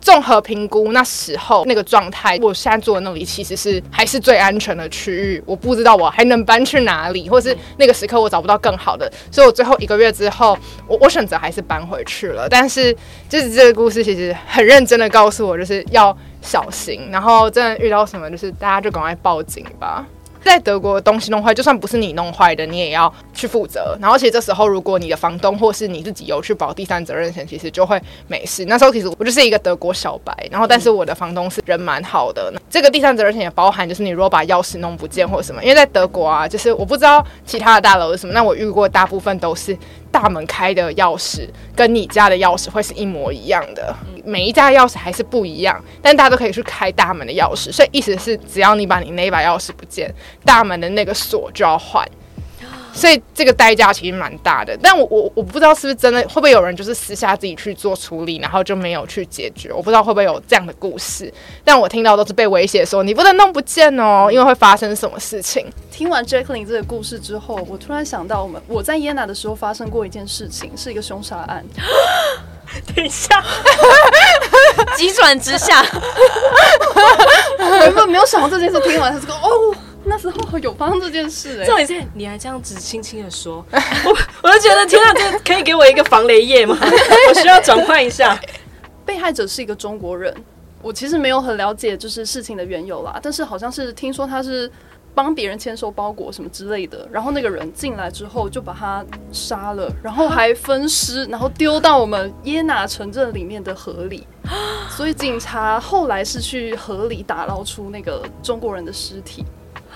綜合評估那時候那個狀態，我現在住的那裡其實是還是最安全的區域。我不知道我還能搬去哪裡，或是那個時刻我找不到更好的，所以我最後一個月之後，我我選擇還是搬回去了。但是就是這個故事，其實很認真的告訴我，就是要小心，然後真的遇到什麼，就是大家就趕快報警吧。在德國東西弄壞，就算不是你弄壞的，你也要去負責。然後，其實這時候如果你的房東或是你自己有去保第三責任險，其實就會沒事。那時候其實我就是一個德國小白，然後但是我的房東是人蠻好的。這個第三責任險也包含就是你如果把鑰匙弄不見或者什麼，因為在德國啊，就是我不知道其他的大樓是什麼，那我遇過大部分都是。大門開的鑰匙跟你家的鑰匙會是一模一樣的，每一家鑰匙還是不一樣，但大家都可以去開大門的鑰匙。所以意思是，只要你把你那把鑰匙不見，大門的那個鎖就要換。所以這個代價其實蠻大的，但我我我不知道是不是真的，會不會有人就是私下自己去做處理，然後就沒有去解決，我不知道會不會有這樣的故事。但我聽到都是被威脅說你不能弄不見哦，因為會發生什麼事情。聽完 Jacqueline 這個故事之後，我突然想到我，我們我在耶拿的時候發生過一件事情，是一個兇殺案。 (laughs) 等一下， (laughs) 急轉直下， (laughs) (laughs) 我原本沒有想到這件事，聽完他就說哦。那時候有發生這件事哎、欸，趙偉健你還這樣子輕輕的說， (laughs) 我我就覺得天啊，這可以給我一個防雷液嗎？ (laughs) 我需要轉換一下。被害者是一個中國人，我其實沒有很了解就是事情的緣由啦，但是好像是聽說他是幫別人簽收包裹什麼之類的，然後那個人進來之後就把他殺了，然後還分屍，然後丟到我們耶拿城鎮裡面的河裡，所以警察後來是去河裡打撈出那個中國人的屍體。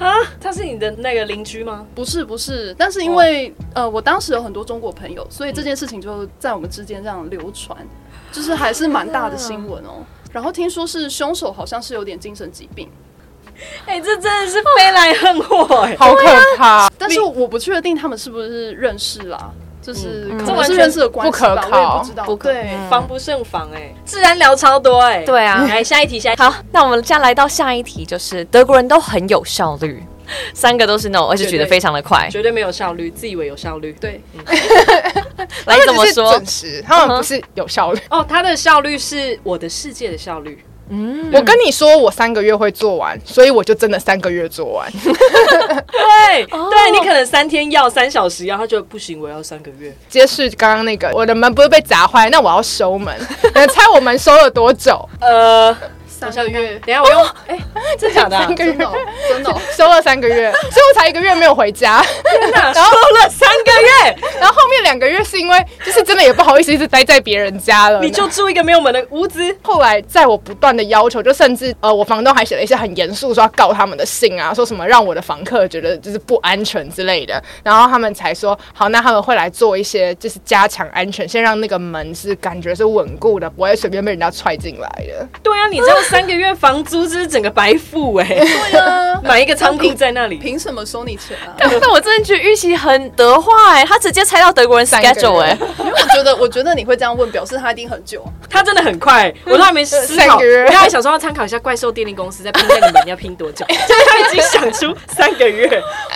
啊，他是你的那個鄰居嗎？不是，不是，但是因為、oh. 呃，我當時有很多中國朋友，所以這件事情就在我們之間這樣流傳，嗯、就是還是蠻大的新聞哦、喔。啊、然後聽說是兇手好像是有點精神疾病，哎、欸，這真的是飛來橫禍哎，oh. 對、好可怕！但是我不確定他們是不是認識啦。就是，這完全是不可靠，不知道，不貴，防不勝防哎，自然聊超多哎，對啊，來下一題，下一題，好，那我們接下來到下一題，就是德國人都很有效率，三個都是 no，而且舉得非常的快，絕對沒有效率，自以為有效率，對，來怎麼說？他們不是有效率哦，他的效率是我的世界的效率。Mm. 我跟你說，我三個月會做完，所以我就真的三個月做完。 (laughs) (laughs) 對、oh. 對，你可能三天要三小時要，然後他就不行，我要三個月。揭示剛剛那個，我的門不是被砸壞，那我要修門。你 (laughs) 猜我門修了多久？呃。Uh. 小小月，等下我用，哎、哦欸，真的三個月，假的啊、真的、哦，修、哦、了三個月，所以我才一個月沒有回家，修哪了三個月， (laughs) 然後後面兩個月是因為，就是真的也不好意思一直待在別人家了，你就住一個沒有門的屋子。後來在我不斷的要求，就甚至呃，我房東還寫了一些很嚴肅說要告他們的信啊，說什麼讓我的房客覺得就是不安全之類的，然後他們才說好，那他們會來做一些就是加強安全，先讓那個門是感覺是穩固的，不會隨便被人家踹進來的。對啊，你知道。三個月房租就是整個白付，哎、欸，對啊，買一個倉庫在那裡，憑什麼收你錢啊？但我真的覺得郁祺很德化，哎、欸，他直接猜到德國人、欸、三個月哎，因為我覺得我覺得你會這樣問，表示他一定很久。他真的很快，嗯、我都還沒思考，我還想說要參考一下怪獸電力公司在拼那個門要拼多久，他 (laughs) 已經想出三個月。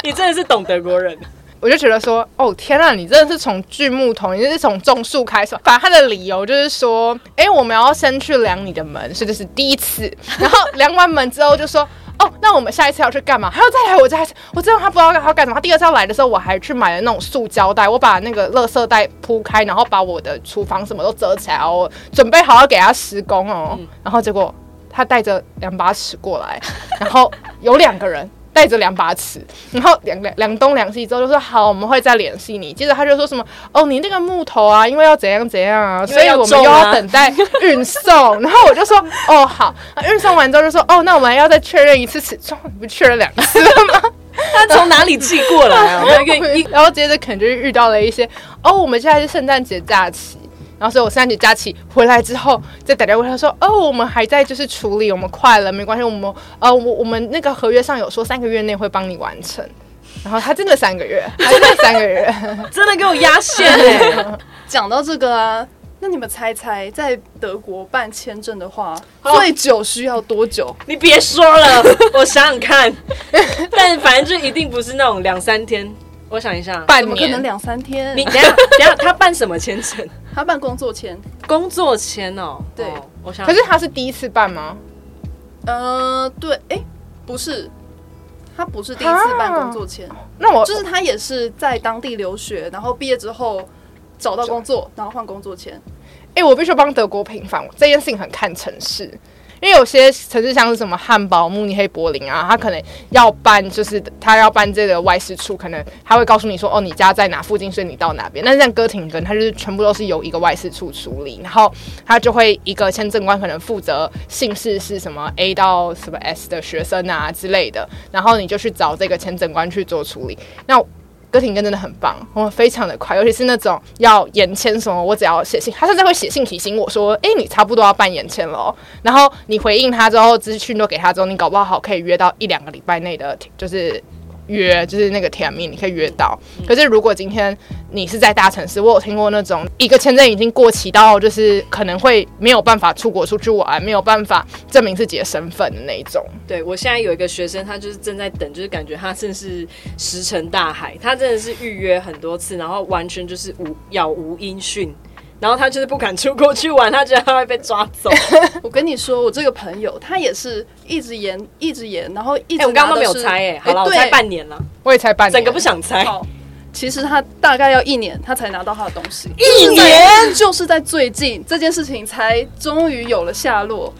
你真的是懂德國人。我就覺得說，哦天吶、啊，你真的是從鋸木頭，你真的是從種樹開始。反正他的理由就是說，哎、欸，我們要先去量你的門，這就是第一次。然後量完門之後，就說，哦，那我們下一次要去幹嘛？還要再來我這？我這他不知道他要幹什麼。他第二次要來的時候，我還去買了那種塑膠袋，我把那個垃圾袋鋪開，然後把我的廚房什麼都遮起來，我準備好要給他施工哦。然後結果他帶着兩把尺過來，然後有兩個人。帶着兩把尺，然後兩兩兩東兩西之後就說好，我們會再聯繫你。接着他就說什麼哦，你那個木頭啊，因為要怎樣怎樣啊，啊所以我們又要等待運送。 (laughs) 然後我就說哦，好，運送完之後就說哦，那我們還要再確認一次尺寸， (laughs) 不確認兩次了嗎？他從哪裡寄過來、啊？ (laughs) 然後接着可能就遇到了一些哦，我們現在是聖誕節假期。然後所以，我三姐佳琪回來之後，再打電話問他說：“哦，我們還在就是處理，我們快了，沒關係，我們呃，我我們那個合約上有說三個月內會幫你完成。”然後他真的三個月，他真的三個月，真的給我壓線哎！講 (laughs) 到這個啊，那你們猜猜，在德國辦簽證的話，哦、最久需要多久？你別說了，我想想看。 (laughs) 但反正就一定不是那種兩三天。我想一下，半年？怎麼可能兩三天？ (laughs) 你等下，等下，他辦什麼簽證？他辦工作簽，工作簽哦。對，哦、我想。可是他是第一次辦嗎？呃，對，誒、欸，不是，他不是第一次辦工作簽。那我哈就是他也是在當地留學，然後畢業之後找到工作，然後換工作簽。誒、欸，我必須幫德國平反，我這件事情很看城市。因為有些城市像是什麼漢堡、慕尼黑、柏林啊，他可能要辦，就是他要辦這個外事處，可能他會告訴你說，哦，你家在哪附近，所以你到哪邊。但是像哥廷根，他就是全部都是由一個外事處處理，然後他就會一個簽證官可能負責姓氏是什麼 A 到什麼 S 的學生啊之類的，然後你就去找這個簽證官去做處理。那哥廷根真的很棒，我、哦、非常的快，尤其是那種要延簽什麼，我只要寫信，他甚至會寫信提醒我說：“誒，你差不多要辦延簽了。”然後你回應他之後，資訊都給他之後，你搞不好，好可以約到一兩個禮拜內的，就是。約就是那個甜蜜，你可以約到。嗯嗯，可是如果今天你是在大城市，我有聽過那種一個簽證已經過期到，就是可能會沒有辦法出國出去玩，沒有辦法證明自己的身份的那一種。對，我現在有一個學生，他就是正在等，就是感覺他甚是石沉大海。他真的是預約很多次，然後完全就是無杳無音訊。然後他就是不敢出國去玩，他覺得他會被抓走。 (laughs) 我跟你說，我這個朋友他也是一直延，一直延，然後一直、欸。我剛剛都沒有猜，欸，哎，好了，欸、對我猜半年了，我也猜半年。整個不想猜，好。其實他大概要一年，他才拿到他的東西。一年就是，就是在最近這件事情才終於有了下落。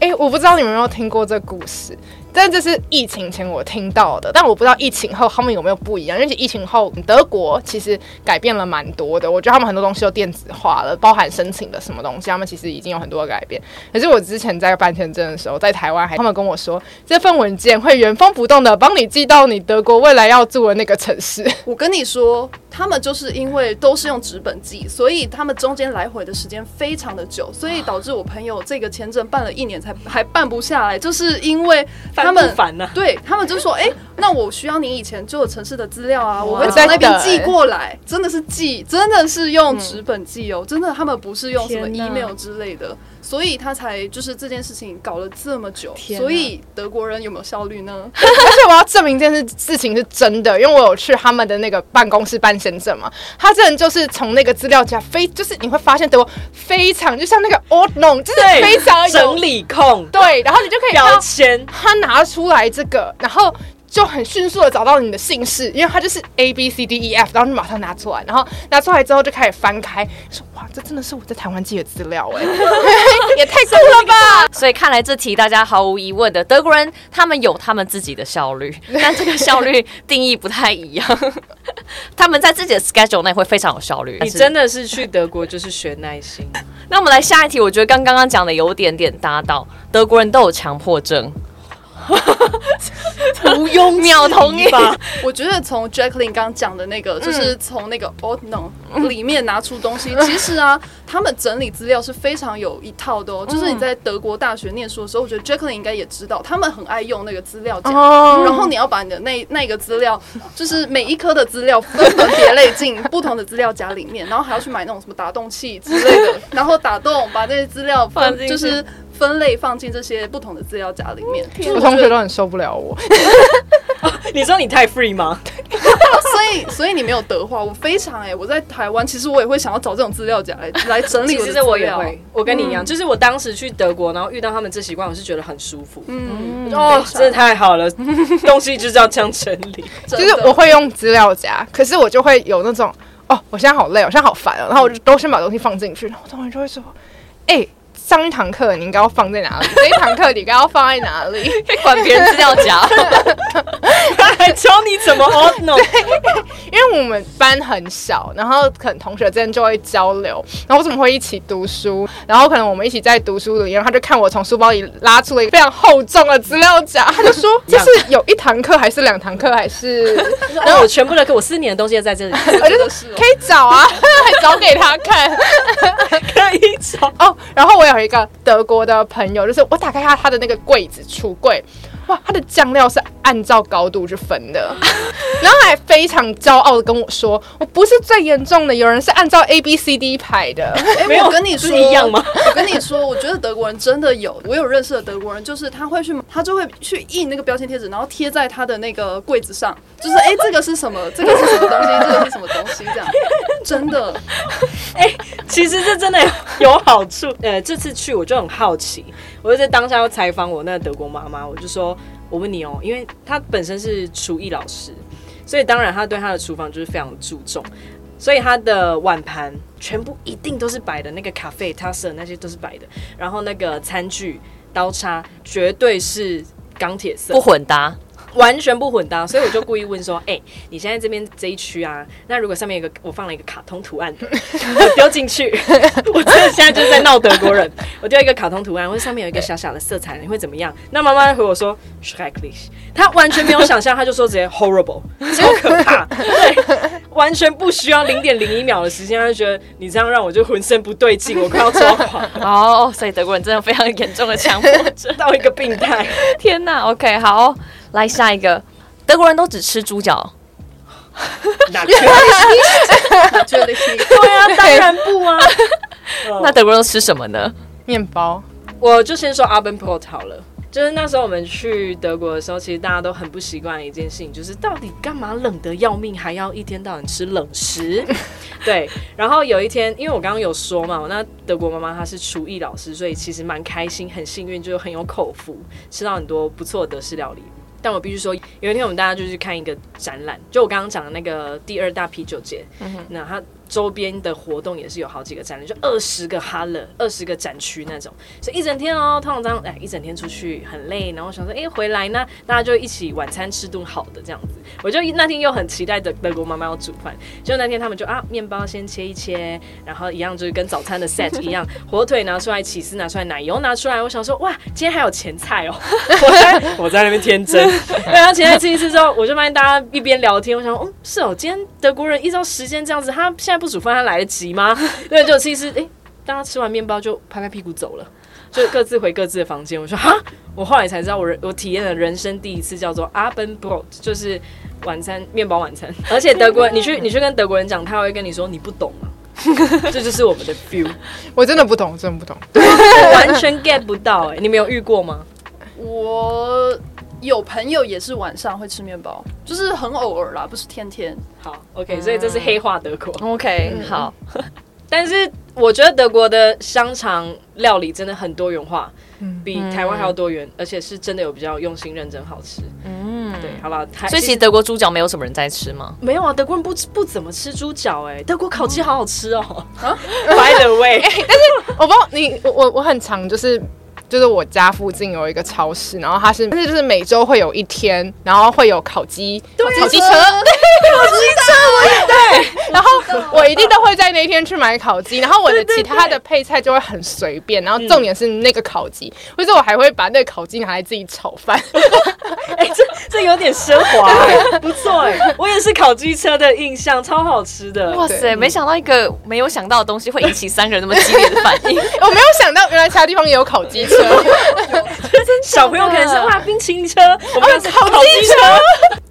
哎、欸，我不知道你們有沒有聽過這故事？但這是疫情前我聽到的，但我不知道疫情後他們有沒有不一樣，因為疫情後德國其實改變了蠻多的，我覺得他們很多東西都電子化了，包含申請的什麼東西，他們其實已經有很多改變。可是我之前在辦簽證的時候，在台灣還他們跟我說，這份文件會原封不動的幫你寄到你德國未來要住的那個城市。我跟你說，他們就是因為都是用紙本寄，所以他們中間來回的時間非常的久，所以導致我朋友這個簽證辦了一年才還辦不下來，就是因為。他們煩了，對，他們就說：“哎、欸，那我需要你以前住的城市的資料啊，wow, 我會從那邊寄過來。”真的是寄，真的是用紙本寄哦，真的他們不是用什麼 email 之類的。所以他才就是這件事情搞了這麼久，啊、所以德國人有沒有效率呢？ (laughs) 而且我要證明這件事事情是真的，因為我有去他們的那個辦公室辦簽證嘛。他這人就是從那個資料夾非，就是你會發現德國非常就像那個 Ordnung 就是非常有整理控。對，然後你就可以標錢，他拿出來這個，然後。就很迅速的找到你的姓氏，因為它就是 A B C D E F，然後你馬上拿出來，然後拿出來之後就開始翻開，說哇，這真的是我在台灣記的資料哎、欸， (laughs) 也太神了吧！所以看來這題大家毫無疑問的，德國人他們有他們自己的效率，但這個效率定義不太一樣。 (laughs) 他們在自己的 schedule 內會非常有效率，你真的是去德國就是學耐心。 (laughs) 那我們來下一題，我覺得剛剛剛講的有點點搭到，德國人都有強迫症。 (laughs) 不用鳥同意吧？我覺得從 Jacqueline 剛，剛講的那個，就是從那個 Ordner 裡面拿出東西，其實啊，他們整理資料是非常有一套的哦。就是你在德國大學念書的時候，我覺得 Jacqueline 應該也知道，他們很愛用那個資料夾，然後你要把你的那那個資料，就是每一科的資料分門別類進不同的資料夾裡面，然後還要去買那種什麼打洞器之類的，然後打洞把那些資料就是放進去。分類放進這些不同的資料夾裡面，嗯、我，我同學都很受不了我。 (laughs) 哦、你說你太 free 嗎？ (laughs) 所以，所以你沒有德化，我非常哎、欸。我在台灣，其實我也會想要找這種資料夾來來整理。其實我也會，我跟你一樣。嗯、就是我當時去德國，然後遇到他們這習慣，我是覺得很舒服。嗯，哦，真的太好了，東西就是要這樣整理。其實 (laughs) 的我會用資料夾，可是我就會有那種哦，我現在好累，我現在好煩哦。然後我就都先把東西放進去，然後我突然就會說，哎、欸。上一堂課你應該要放在哪裡？ (laughs) 這一堂課你應該要放在哪裡？ (laughs) 管別人資料夾， (laughs) (laughs) 他還教你怎麼 organize (laughs) 對 (laughs) 因為我們班很小，然後可能同學之間就會交流，然後我們會一起讀書，然後可能我們一起在讀書的，然後他就看我從書包裡拉出了一個非常厚重的資料夾，他就說：“這是有一堂課還是兩堂課？還是……”然後我全部的課，我四年的東西都在這裡， (laughs) 我就說：“可以找啊， (laughs) 還找給他看， (laughs) 可以找。”哦，然後我也。有一個德國的朋友，就是我打開他他的那個櫃子、櫥櫃。哇，他的醬料是按照高度去分的， (laughs) 然後還非常驕傲地跟我說，我不是最嚴重的，有人是按照 A B C D 排的。哎、欸，沒有我跟你說一樣嗎？我跟你說，我覺得德國人真的有，我有認識的德國人，就是他會去，他就會去印那個標籤貼紙，然後貼在他的那個櫃子上，就是哎、欸，這個是什麼？這個是什麼東西？ (laughs) 這個是什麼東西？這樣，真的。哎、欸，其實這真的有好處。呃，這次去我就很好奇。我就在當下要採訪我那個德國媽媽，我就說：“我問你哦、喔，因為她本身是廚藝老師，所以當然她對她的廚房就是非常注重，所以她的碗盤全部一定都是白的，那個咖啡、湯色那些都是白的，然後那個餐具刀叉絕對是鋼鐵色，不混搭。”完全不混搭，所以我就故意問說：“哎、欸，你現在這邊這一區啊，那如果上面有一個，我放了一個卡通圖案的，我丟進去，我真的現在就是在鬧德國人，我丟一個卡通圖案，或者上面有一個小小的色彩，你會怎麼樣？”那媽媽回我說 Schrecklich 他完全沒有想象，他就說直接 “horrible”，超可怕，對，完全不需要零點零一秒的時間，他就覺得你這樣讓我就渾身不對勁，我快要抓狂。哦，oh, oh, 所以德國人真的非常嚴重的強迫症， (laughs) 到一個病態。天吶，OK，好。來下一個，德國人都只吃豬腳？哪對啊，當然不啊。那德國人吃什麼呢？麵包。我就先說 Abendbrot 好了。就是那時候我們去德國的時候，其實大家都很不習慣一件事情，就是到底幹嘛冷得要命，還要一天到晚吃冷食？ (laughs) (laughs) 對。然後有一天，因為我剛剛有說嘛，那德國媽媽她是廚藝老師，所以其實蠻開心，很幸運，就很有口福，吃到很多不錯的德式料理。但我必須說，有一天我們大家就去看一個展覽，就我剛剛講的那個第二大啤酒節，嗯哼，那他。周邊的活動也是有好幾個展覽，就二十個 hall，二十個展區那種，所以一整天哦、喔，通常哎一整天出去很累，然後我想說哎、欸、回來呢，大家就一起晚餐吃頓好的這樣子。我就那天又很期待的德國媽媽要煮飯，就那天他們就啊麵包先切一切，然後一樣就是跟早餐的 set 一樣，火腿拿出來，起司拿出來，奶油拿出來，我想說哇，今天還有前菜哦，我在那邊天真， (laughs) 對啊，前菜吃一次之後，我就發現大家一邊聊天，我想說哦是哦、喔，今天德國人依照時間這樣子，他下不煮飯，他來得及嗎？因為 (laughs) 就其實，誒、欸，大家吃完麵包就拍拍屁股走了，就各自回各自的房間。我說哈，我後來才知道我人，我我體驗的人生第一次叫做 Abendbrot 就是晚餐麵包晚餐。 (laughs) 而且德國人，你去你去跟德國人講，他會跟你說你不懂啊， (laughs) 這就是我們的 feel。我真的不懂，真的不懂，對 (laughs) 完全 get 不到、欸。哎，你沒有遇過嗎？我。有朋友也是晚上會吃麵包，就是很偶爾啦，不是天天。好，OK，、嗯、所以這是黑化德國，OK，、嗯、好。 (laughs) 但是我覺得德國的香腸料理真的很多元化，嗯、比台灣還要多元，嗯、而且是真的有比較用心認真好吃。嗯，對，好啦。所以其實德國豬腳沒有什麼人在吃嗎？沒有啊，德國人不不怎麼吃豬腳，哎，德國烤雞好好吃哦、喔。啊、oh. (laughs) ，By the way， (laughs) 欸、但是我不知道你我我我很常就是。就是我家附近有一個超市，然後它是，但是就是每周會有一天，然後會有烤雞，對的烤雞車，對烤雞車， (laughs) 我也對，然後我一定都會在那一天去買烤雞，然後我的其他的配菜就會很隨便，然後重點是那個烤雞，對對對，或者我還會把那個烤雞拿來自己炒飯。哎、嗯，這、 (laughs) 欸。這有點奢華，不錯哎！ (laughs) 我也是烤雞車的印象，超好吃的。哇塞！對沒想到一個沒有想到的東西會引起三個人那麼激烈的反應。 (laughs) (laughs) 我沒有想到，原來其他地方也有烤雞車。小朋友可能是哇冰淇淋車， (laughs) 我們是烤烤雞車。 (laughs)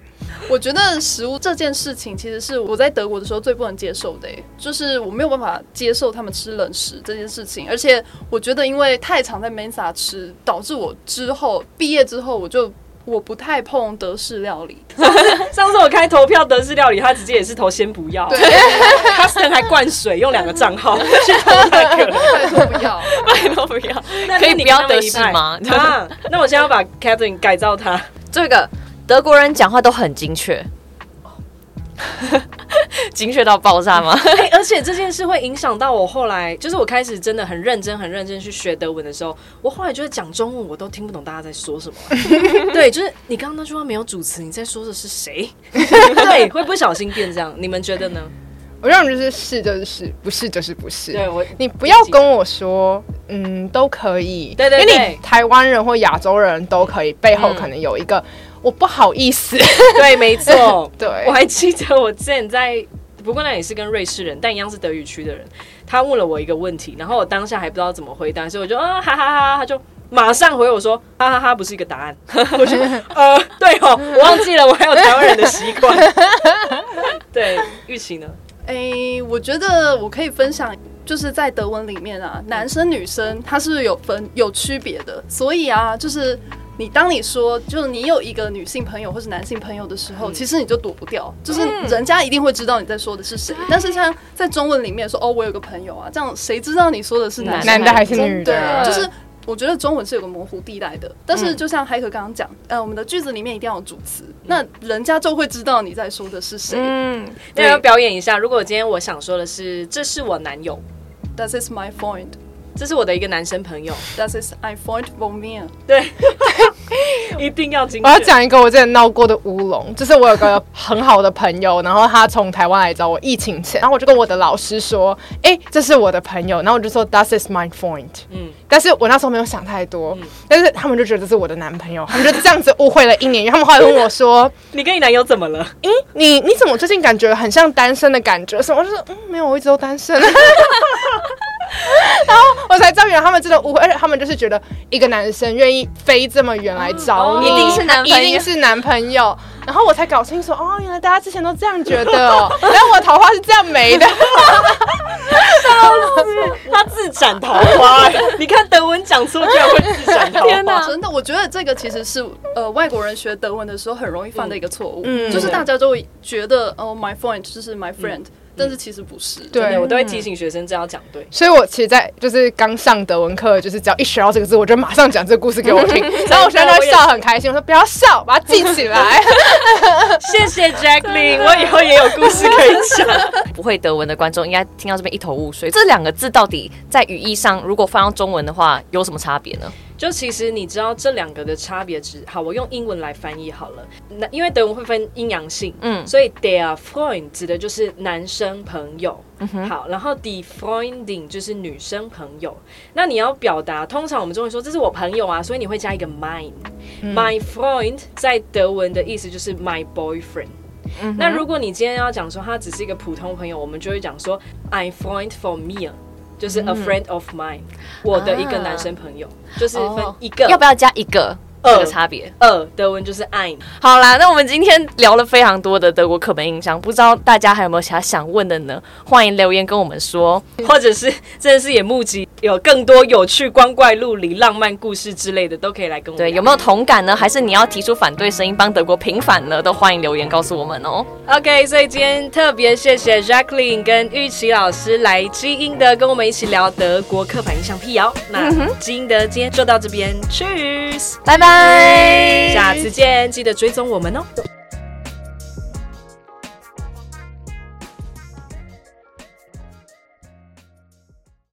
我覺得食物這件事情其實是我在德國的時候最不能接受的，就是我沒有辦法接受他們吃冷食這件事情。而且我覺得，因為太常在梅 e 吃，導致我之後畢業之後我就。我不太碰德式料理。 (laughs) 上次我開投票德式料理，他直接也是投先不要。對，Catherine 還灌水，用兩個賬號去投那個，不，不要，不，不要，可以你不要德式嗎？那那我現在要把 Catherine 改造他。這個德國人講話都很精確。 (laughs) 精確到爆炸嗎、 (laughs) 欸？而且這件事會影響到我後來，就是我開始真的很認真、很認真去學德文的時候，我後來覺得講中文我都聽不懂大家在說什麼。 (laughs) 對，就是你剛剛那句話沒有主詞，你在說的是誰？ (laughs) 對，會不小心變這樣。你們覺得呢？我讓你就是是就是是，不是就是不是。對我，你不要跟我說，嗯,嗯，都可以，對對對因為你台灣人或亞洲人都可以，嗯、背後可能有一個。嗯我不好意思， (laughs) 對，沒錯， (laughs) 對，我還記得我之前在，不過那也是跟瑞士人，但一樣是德語區的人，他問了我一個問題，然後我當下還不知道怎麼回答，所以我就啊哈哈哈，他就馬上回我說哈哈哈，不是一個答案， (laughs) 我就呃，對哦，我忘記了，我還有台灣人的習慣， (laughs) 對，郁祺呢？哎、欸，我覺得我可以分享，就是在德文裡面啊，男生女生它是有分有區別的，所以啊，就是。你當你說，就是你有一個女性朋友或是男性朋友的時候，嗯、其實你就躲不掉，就是人家一定會知道你在說的是誰。嗯、但是像在中文裡面說“哦，我有個朋友啊”，這樣誰知道你說的是男男的還是女的？對、啊，嗯、就是我覺得中文是有個模糊地帶的。但是就像 Heike 剛剛講，呃，我們的句子裡面一定要有主詞，那人家就會知道你在說的是誰。嗯，對，這樣要表演一下，如果今天我想說的是，這是我男友，This is my point。這是我的一個男生朋友，This is my friend Romeo。對， (laughs) 一定要精確。我要講一個我之前鬧過的烏龍，就是我有個很好的朋友，然後他從台灣來找我疫情前，然後我就跟我的老師說：“哎、欸，這是我的朋友。”然後我就說：“This is my point。”嗯，但是我那時候沒有想太多，嗯、但是他們就覺得這是我的男朋友，嗯、他們就這樣子誤會了一年。他們後來問我說：“ (laughs) 你跟你男友怎麼了？”嗯，你你怎麼最近感覺很像單身的感覺？什麼？我就說：“嗯，沒有，我一直都單身。” (laughs) (laughs) 然後我才知道，原來他們真的誤會，而且他們就是覺得一個男生願意飛這麼遠來找你，哦、你一定是男朋友。一定是男朋友。然後我才搞清楚，哦，原來大家之前都這樣覺得， (laughs) 然後我的桃花是這樣沒的。他自斬桃花， (laughs) 你看德文講出來會自斬桃花。天啊、真的，我覺得這個其實是呃，外國人學德文的時候很容易犯的一個錯誤，嗯、就是大家都會覺得、嗯、哦，my friend 就是 my friend、嗯。但是其實不是，對，對我都會提醒學生這樣講對。所以我其實，在就是剛上德文課，就是只要一學到這個字，我就馬上講這個故事給我聽。 (laughs) 然後我學生在都會笑很開心，我說不要笑，把它記起來。 (laughs) (laughs) 謝謝 Jacqueline，我以後也有故事可以講。不會德文的觀眾應該聽到這邊一頭霧水，這兩個字到底在語義上，如果放到中文的話，有什麼差別呢？就其實你知道這兩個的差別值好，我用英文來翻譯好了。那因為德文會分陰陽性，嗯，所以 der Freund 指的就是男生朋友，嗯、哼好，然後 die Freundin 就是女生朋友。那你要表達，通常我們中文說這是我朋友啊，所以你會加一個 mein。嗯、mein Freund 在德文的意思就是 my boyfriend、嗯哼。那如果你今天要講說他只是一個普通朋友，我們就會講說 ein Freund for me。就是 a friend of mine，嗯，我的一個男生朋友，啊，就是分一個，要不要加一個？這個差別，嗯，德文就是愛。好啦，那我們今天聊了非常多的德國刻板印象，不知道大家還有沒有其他想問的呢？歡迎留言跟我們說，或者是真的是也募集有更多有趣、光怪陸離、浪漫故事之類的，都可以來跟我們。對，有沒有同感呢？還是你要提出反對聲音，幫德國平反呢？都歡迎留言告訴我們哦。OK，所以今天特別謝謝 Jacqueline 跟郁祺老師來跡英德跟我們一起聊德國刻板印象闢謠。那跡英德今天就到這邊，Cheers，拜拜。拜。下次見，記得追蹤我們哦、喔。